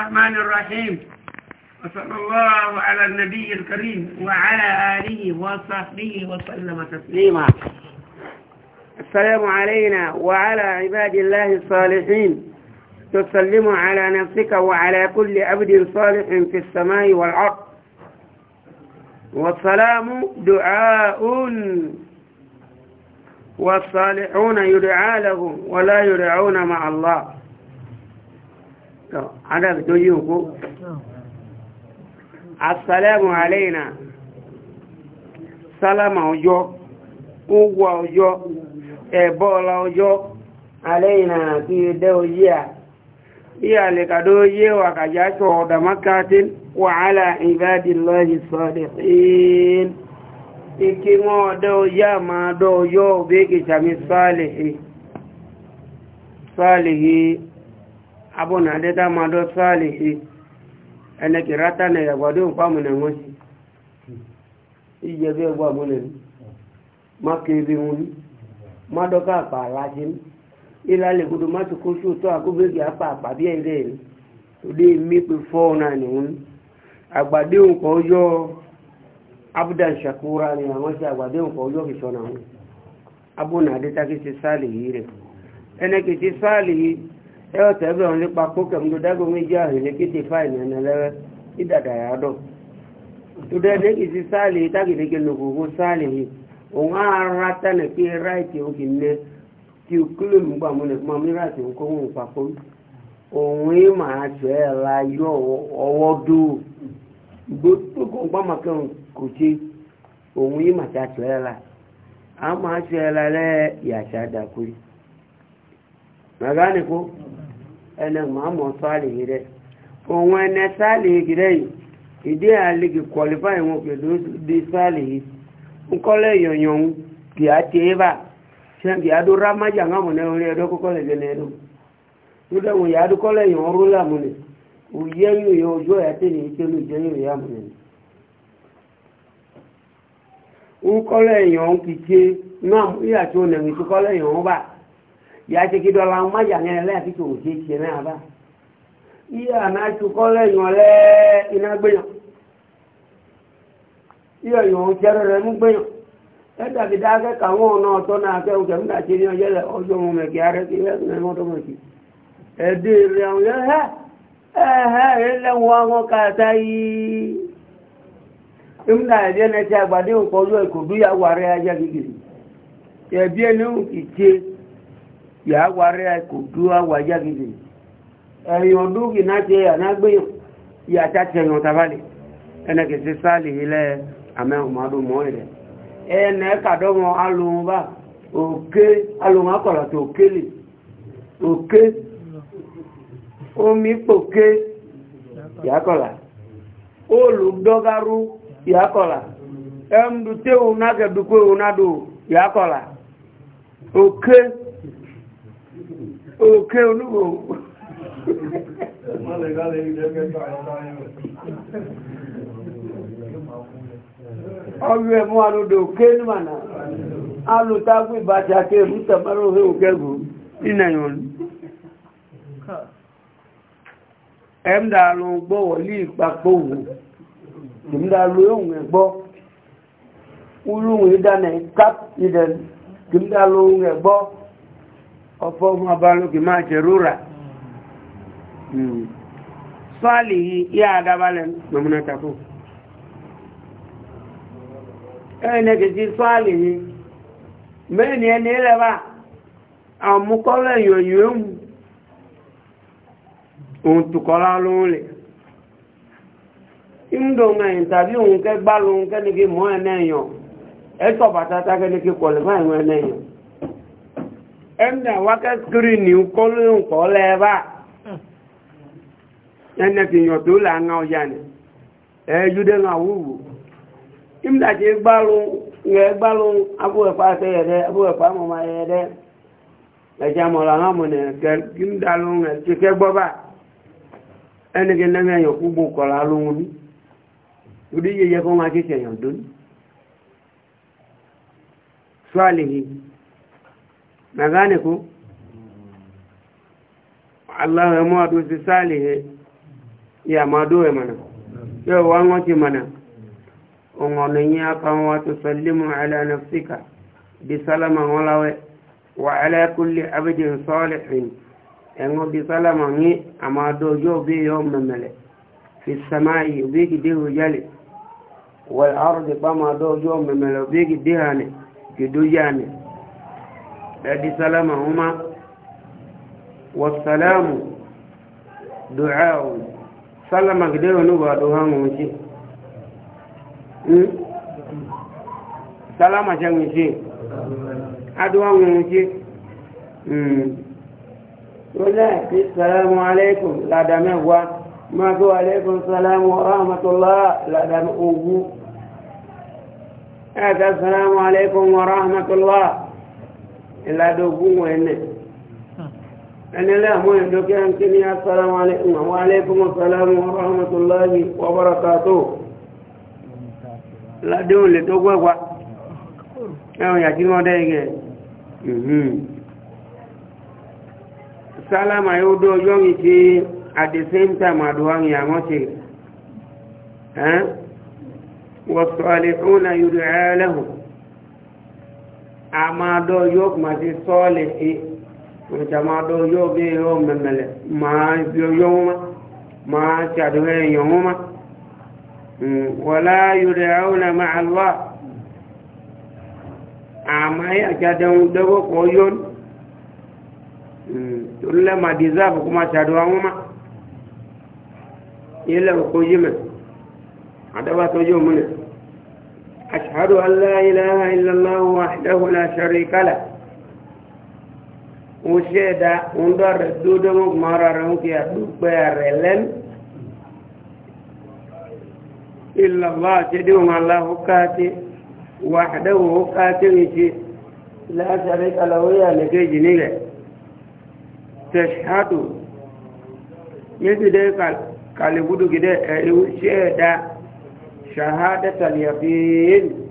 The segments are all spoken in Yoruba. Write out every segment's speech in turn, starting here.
الرحمن الرحيم وصلى الله على النبي الكريم وعلى آله وصحبه وسلم تسليما السلام علينا وعلى عباد الله الصالحين تسلم على نفسك وعلى كل عبد صالح في السماء والأرض والسلام دعاء والصالحون يدعى لهم ولا يدعون مع الله adab tó yí òkú asalamu alayna sálámà ọjọ́ owó ọjọ́ ẹ̀bọ́ọ̀lá ọjọ́ alayna àti ẹdẹ́ oyé à iya lè kàdó yé wà kàjá tó ọ̀dàmákàtín wà hálà ìbádìlọ́yìn sọ́dẹ̀ẹ́n ike wọn ọdọ́ yá máa dọ́ yọ́ òbí kìtàmí sáàlìhì abona deta mado salihi ene kirata ne ya gwadu pamu ne ngosi ije be gwa mune makebi muni mado ka pa lajin ila le gudu matu kushu to akube ya pa pa bi ele ode mi pe fo na ni un agbade un ko yo abdan shakura ni àwọn se agbade un ko yo ki sona un abona deta ki se salihi re ene ki se salihi e tẹbílẹ ọhún nípa kókè ń dodágó méjì àhìnlẹ kété fáìlì ẹnẹ lẹwẹ ìdàdà yà dọ tòdẹdẹ kì í ti sáàlì tágìdẹgẹ lòkòkò sáàlì yìí òun á ra tánà ráìtì o kílò mú gbà múlẹ fún mi ráìtì òun kọ́ wọn òun yìí la yọ ọwọ́ dó kò ṣe òun yìí máa la a máa ya ẹ̀ la lẹ́ yàtsa dàkúrì. Magani ene mamo sali ire onwe ne sali ire ide ali ki qualify won ke do di sali nkole yonyon ki ateva sen ki adu ramaja ngamo ne ore do ko kole gene do ude won ya adu kole yon rula mune ya ya yàtí kí dọ́là ń májà ní ẹlẹ́ àti tòun ṣe ṣe náà bá iye ànájú kọ́ lẹ́yìn ọ̀lẹ́ iná gbéyàn jẹ́rẹ̀ rẹ̀ ọ̀nà ọ̀tọ́ náà ṣe ní ọjọ́ ọjọ́ ohun mẹ̀kì ààrẹ kí lẹ́sìn ẹ̀mọ́ na mẹ̀kì ẹ̀dí àwọn ẹ̀ yàá wà rẹ̀ kò dúró àwà jágidì ẹ̀yìn ọdún kì náà ṣe ànágbéyàn yàtá tẹ̀yàn tabalẹ̀ ẹnẹkì sí sáàlì ilẹ̀ amẹ́hùnmáàdùn mọ́ ẹ̀rẹ̀ ẹnẹ kàdọ́mọ alùn bá omi pòkè yàkọ̀là olùdọ́gárú yàkọ̀là ẹ̀mdùtẹ́wò náà kẹ̀dùkú ẹ̀wò náà dò yàkọ̀là òkè. Okay. òkè olúwo ọrọ̀ ẹ̀mú alòdò òkè ní mànà alòtágbé ìbájá kí èmú tẹ̀mọ́rọ̀ òhè òkègù nínà ìwọ̀n ụgbọ ló ń gbọ́ wọ̀lí ìpapò òwò ẹ̀mdà ló yóò ń gbọ́ ulúwìn ìdánẹ̀ ọ̀fọ́ ọmọ abálókè máa jẹ rúra sọ́ọ̀lì yá adábalẹ̀ gbọmọdé takò ẹnẹ́gẹ̀ẹ́sì sọ́ọ̀lì yìí mẹ́rin ẹni lẹ́bà àmúkọ́lẹ̀ yọ̀yọ̀ ẹ̀mù òun tukọ́lá lóhun lẹ̀ ìmúdòǹgà ìtàbí òun kẹ́ gbá kí mọ́ ẹ̀nẹ́yàn ẹ̀tọ̀ bàtátá kẹ́ ní kí kọ̀lẹ̀ ẹ̀nẹ́yàn ẹ̀mí àwákẹ́ skrini kọ́lóyún kọ́ lẹ́ẹ̀bá ẹnẹ́kì yàn tó là ń ọjà ni ẹ̀ẹ́dúdẹ́ ń àwúwò ìmìdàjì gbárùn abúwẹ̀pá tẹ́yẹ̀dẹ́ abúwẹ̀pá mọ̀mọ́ ẹ̀yẹ̀dẹ́ ẹ̀jẹ̀ mọ̀lá náà mọ̀ nẹ̀kẹ́ ìmìdàlóhùn ẹ̀kẹ́ gbọ́bà ẹnìkẹ́ lẹ́yìn ẹ̀yàn kúgbò kọ̀lá lóhun ní máa dóní na gane ku Allah ya mu adu si salihe ya ma doye mana yau wa ngoci mana ongoni ya kan wa tusallimu ala nafsika bi salama walawe wa ala kulli abdin salihin engo bi salama ni ama do yo bi memele fi samai bi jali wal ardi bama yo memele bi ki de dadi salama huma wasalamu du'a'u salama gide wani ba du'a mu ce salama ce mu ce adu'a mu ce wala ki salamu alaikum la da mewa ma ko alaikum salamu wa rahmatullah la da ugu aka salamu alaikum ìlàdógún wọn ẹnẹ ẹnilẹ àwọn ìdókè ẹnkí ní asalamu alaikum àwọn alaikum asalamu rahmatulahi wa barakato ládéhùn lè tó gbẹgbà ẹwọn yàtí wọn dẹ igẹ sálámà yóò dó ọjọ́ yìí kí at the same time àdúrà yìí àwọn ṣe wọ́n sọ àlékún náà yóò dẹ̀ ẹ́ lẹ́hùn amado yok mati sole e. i jamado yok e yo memele ma yo yoma ma chadwe yoma mm, wala yud'auna ma'a allah amai ajadan dago koyon mm, tulle ma deserve kuma chadwa ngoma ile ko yime adaba to yo mune وأشهد أن لا إله إلا الله وحده لا شريك له وشهد أندر دودمك مرارمك يا دوبير لن إلا الله تدوم الله كاتي وحده كاتي لا شريك له يا لكي جنيه تشهد يجي kalibudu كده ewu sheda shahadatal yaqin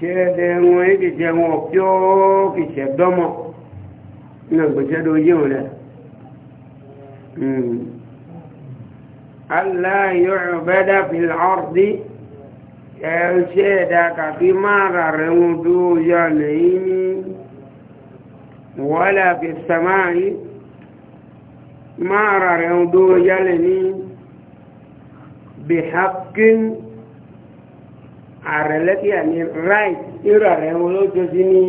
ṣẹ́ẹ̀dẹ̀ wọn èdè jẹ wọn ọ̀pẹ́ ọ́ọ̀kì ṣẹ̀dọ́mọ̀ ní ọgbẹ̀ṣẹ́dọ̀ yíò rẹ̀ hmm. aláyọ̀ ọ̀bẹ́dà fi ọ̀rdí ẹ̀ṣẹ́ẹ̀dà kàfí máa rà rẹ̀ wọn tó yà lẹ́yìn wọ́lá fi sàmáyí máa rà rẹ̀ wọn tó yà lẹ́yìn bí hakin ààrẹ lẹ́kìá ní right irú ààrẹ wọn ló tó sí ní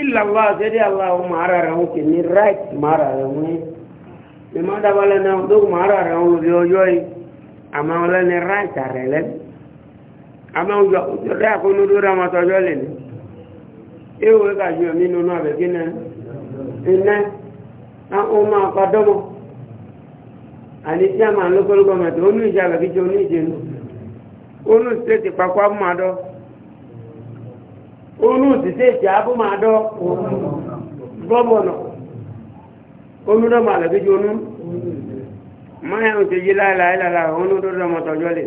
ìlàlá àṣẹ́dẹ́ aláwọ̀ máa ara rẹ̀ wọn kì ní right máa ara rẹ̀ wọn ní má dábàlẹ̀ náà tó kù máa ara rẹ̀ wọn lórí ọjọ́ yìí àmọ́ wọn lẹ́ni right ààrẹ lẹ́nu àmọ́ òjò òjò dẹ́ àkónú lórí àwọn àtọ́jọ́ lè ní ewu ka ju ẹ̀mí nínú àbẹ̀kí náà iná ọmọ àpàdọ́mọ àti tí a máa lókòlókò mẹ́tò ó ìjà àbẹ̀kí tí ìjẹun onu steeti kpakwa mmadụ onu steeti abụmadụ gọvanọ onu dọ ma alabeji onu mmanya e e nke ji laila ilala onu dọ dọ mọtọ jọlị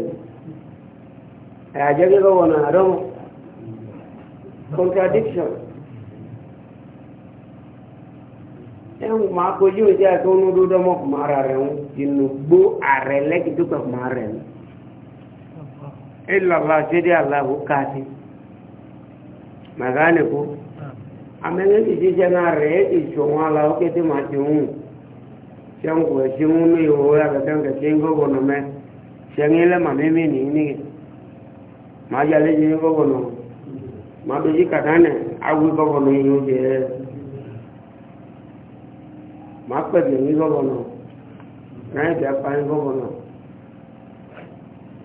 ajẹgẹ gọvanọ adọmọ contradiction ẹ̀hùn máa kojú ìjà tó onu dọ dọ mọ kùmà ara rẹ̀ ń tinú gbó ààrẹ lẹ́kìtì kùmà ara rẹ̀ ń illallah jede allah kati magane ko amene ti jena re ti chonga la o ke ti ma chungu changu e chungu ni o ya ka tanga chengo ko no me chengile ma me ni ni ma ya le ni ko ko no ma be ji ka dane awu ko ko ni yo je ma pe ni ko ko no na ja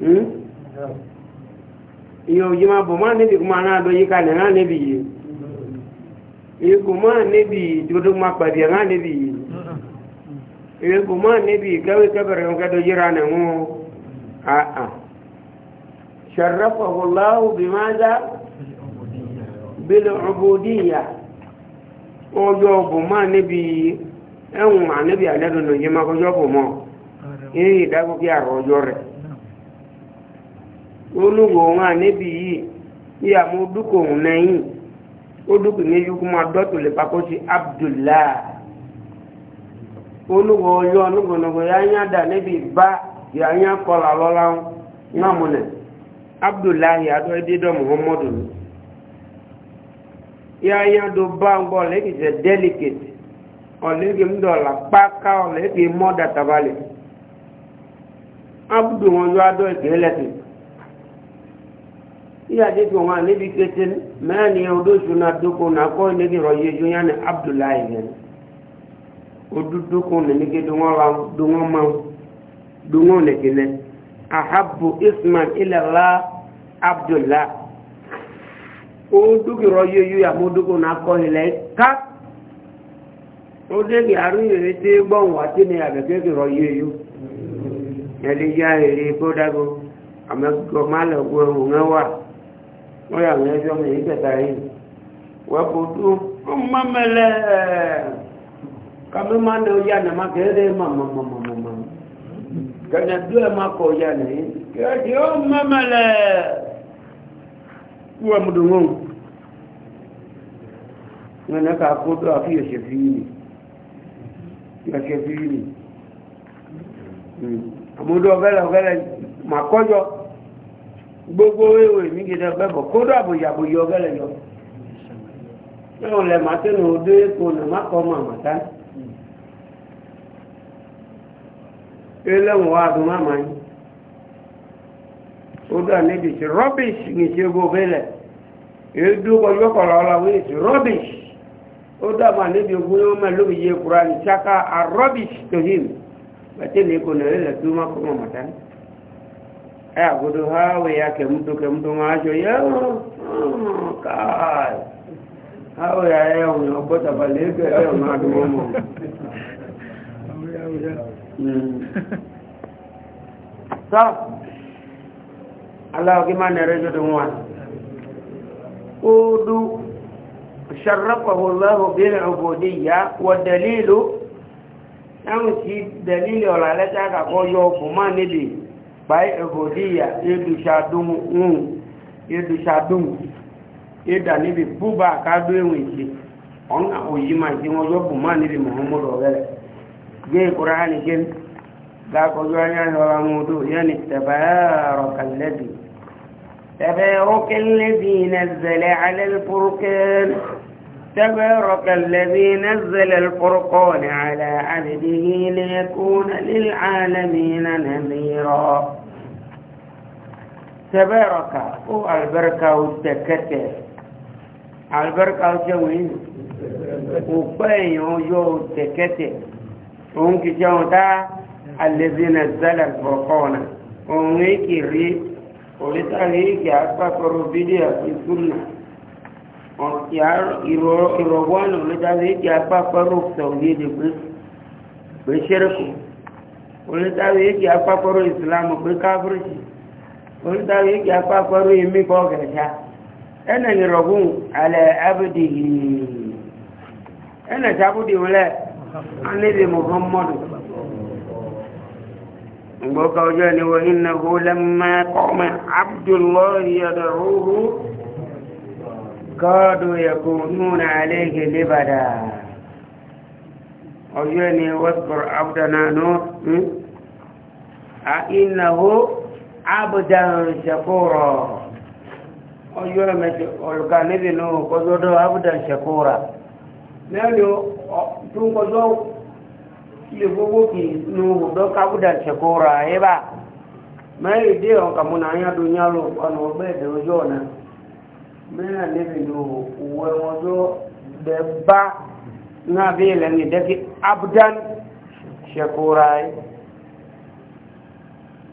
Hmm? iyo jima bo ma nebi kuma na do yi ka ne na nebi yi iyo kuma nebi dodo ma pa bi na nebi yi iyo kuma nebi gawe kabare on ka do yira ne ngo a a sharafahu allah bimaza bil ubudiyya ojo bo ma nebi ẹ̀hùn ànẹ́bí ànẹ́dùn lòye máa kọjọ́ bò mọ́ ní ìdágbókè àrọ̀ ọjọ́ rẹ̀ olùwò wọn ànẹ́bì yìí ìyá mú dúkò òun lẹ́yìn ó dúkò ní yúkú máa lè sí abdullahi olùwò ọyọ onúgbònàgbò yányá dà níbi bá yányá kọlà lọ́la náà múnẹ̀ abdullahi adọ́ ẹdídọ́ muhammadu yányá do bá ń bọ̀ lẹ́kìtẹ̀ delicate ọ̀lẹ́kì ń dọ̀là ọ̀lẹ́kì iyade fi wọn alebi kete mẹ́rin ni na náà na náà kọ́ ẹnẹ́gì rọ̀yẹ́ ju yẹn ní abdullahi yẹn odúdúkú nìkí dùnwọ́n máa ahabu isman ilẹ̀lá abdullahi odúkú rọye ju ya dúkú náà kọ́ ilẹ̀ ká odégi àríyèrè tí gbọ́n lórí àwọn ẹjọ́ mi yìí tẹ̀ta yìí wọ́n kò tó ó má mẹ́lẹ̀ kàmí má ní ọjà nà má kẹ́rẹ́ má má má má má má kẹ́nà bí ẹ má kọ ọjà nà yìí kẹ́rẹ́ ó má mẹ́lẹ̀ wọ́n mu dùn wọn. wọn náà kó tó àfi yọ̀ṣẹ̀ fi yìí ni yọ̀ṣẹ̀ fi yìí ni hmm. àmúdó ọ̀fẹ́lẹ̀ ọ̀fẹ́lẹ̀ mà kọ́jọ́. gbogbo ewé mi gidi ọgbẹ bọ kódà bòyàbòyà ọgbẹ lẹ yọ náà lẹ ma tẹnu odó epo nà má kọ ọmọ àmàtá eléwọn wa dùn má yín ní ti gbogbo bẹlẹ èédú kọjú kọlọ níbi ogun yóò lóbi kura ní saka arọbìṣì tó yìí bàtẹ́ ní nà Eh, ya abudu hawe yake mtu kemtu macho yao kai hawe yao unapata balike yao madumo hmm. sa Allah kima nerejo dumwa udu sharrafahu Allah bil ubudiyya wa dalilu namu si dalili olaleta ka koyo kuma nibi bai egodiya edu shadun un edu shadun eda nibi buba kado enwe ise ọ̀nà òyí máa jí wọn yọ́bù máa níbi muhammadu ọ̀rẹ́ gbé ìkúra hàn gé lákọjú ayáyọ ọlámúdó yẹni tẹbàárọ̀ kàlẹ́bì تبارك الذي نزل على الفرقان تبارك الذي نزل الفرقان على عبده ليكون للعالمين نذيرا tẹbẹ́rọ̀kà ó àlùbẹ́rẹ́kà ó tẹ̀kẹ́tẹ̀ àlùbẹ́rẹ́kà ó jẹ́ wòye òpẹ́ èèyàn ọjọ́ ó tẹ̀kẹ́tẹ̀ òun kì í jẹun dá alẹ́bínà zálà kọ̀ọ̀kọ́ọ̀nà òun èkì rí òlítàrí èkì àpapọ̀rọ̀ bídíà ìtúnà ìrọ̀wọ́nà òlítàrí èkì àpapọ̀rọ̀ sọ̀rọ̀yẹ́dẹ̀ pé ṣẹ́rẹ̀kù òlítàrí èkì àpapọ̀rọ̀ ìsìlámù pé káfíríṣì onítàwí kí apá pẹ̀lú ìmí kọ́ gẹ̀ẹ́sà ẹnà ìrọ̀gùn alẹ́ abúdì ẹnà sábúdì wọlé anílè muhammadu gbọ́ka ọjọ́ ni wọ́n iná hó lẹ́mọ́ ọmọ abdullahi yadọ̀rọ̀hù kọ́ọ̀dù yẹ̀kọ́ núnà alẹ́gẹ̀ lébàdà ọjọ́ ni a abudan shakura ọjọ́ ẹ̀mẹ́jọ ọ̀lùkà níbi nù kọjọ́dọ̀ abudan shakura mẹ́lò tún kọjọ́ ilé gbogbo kì nù gbogbo abudan shakura ẹ̀bà mẹ́lò dé ọkà múnà ayádùn yálò ọ̀nà ọgbẹ́ ẹ̀dẹ̀ ọjọ́ ọ̀nà mẹ́lò níbi nù òwò ẹ̀wọ̀njọ́ bẹ̀ẹ̀bá náà bí ilẹ̀ ní dẹ́kí abudan shakura ẹ̀bà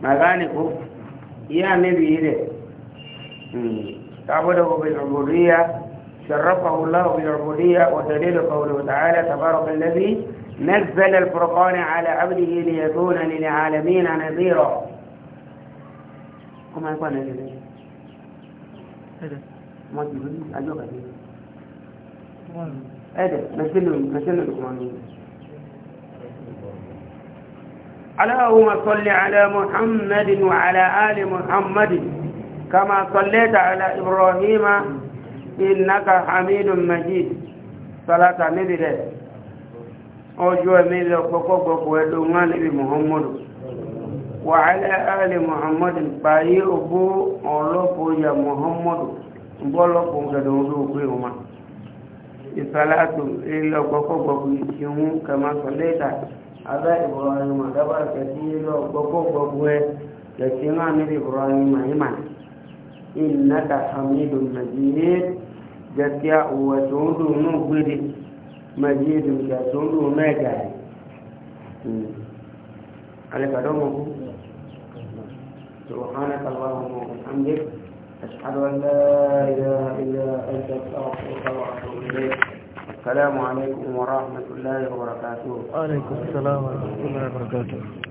magane ko ya nabi ne تعبده بالعبودية شرفه الله بالعبودية ودليل قوله تعالى تبارك الذي نزل الفرقان على عبده ليكون للعالمين نذيرا كما يكون نذيرا ما تقول أجوك هذا مثل مثل القرآن اللهم صل على محمد وعلى آل محمد كما صليت على إبراهيم إنك حميد مجيد صلاة نبيل أجوى ميل وقوقوق ودوما نبي محمد وعلى آل محمد باي أبو أولوكو يا محمد بولوكو كدوزو كيوما الصلاة إلا وقوقوق يشيهم كما صليت ada Ibrahim ada bar kasilo gogo gogwe yakina ni Ibrahim iman innaka hamidun majid jakia hmm. wa tundu nu gbede majid ja tundu mega ale kadomo سبحانك اللهم وبحمدك أشهد أن لا إله إلا أنت أستغفرك وأتوب إليك السلام عليكم ورحمة الله وبركاته وعليكم السلام ورحمة الله وبركاته